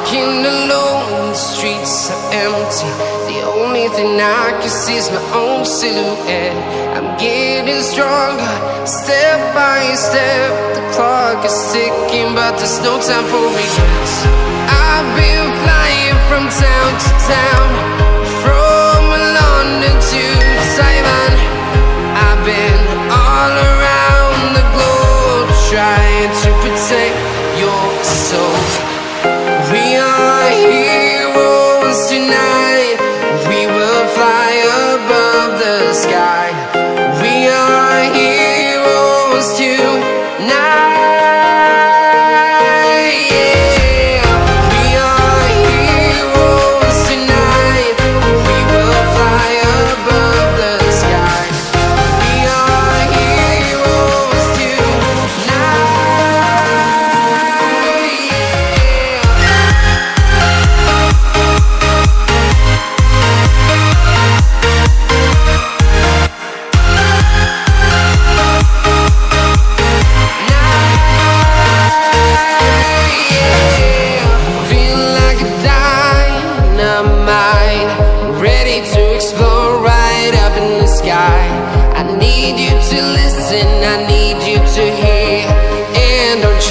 Walking alone, the streets are empty. The only thing I can see is my own silhouette. I'm getting stronger, step by step. The clock is ticking, but there's no time for me. I've been flying from town to town.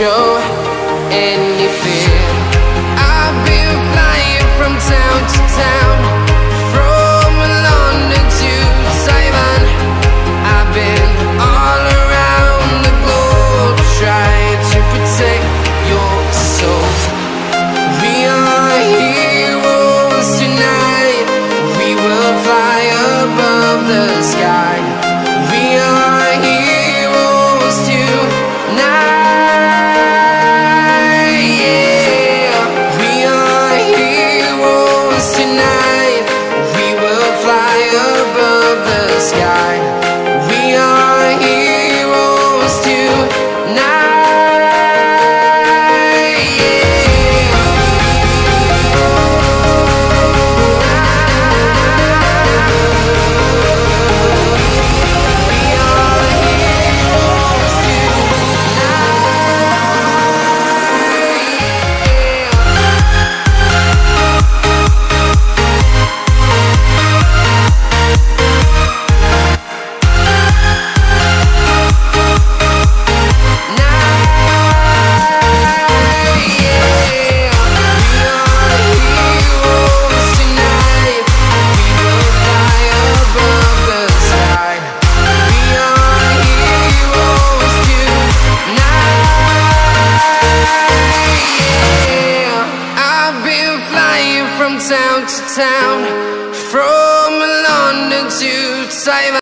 show any fear I've been flying from town to town From London to Taiwan I've been all around the globe Trying to protect your soul We are heroes tonight We will fly above the sky been flying from town to town, from London to Taiwan.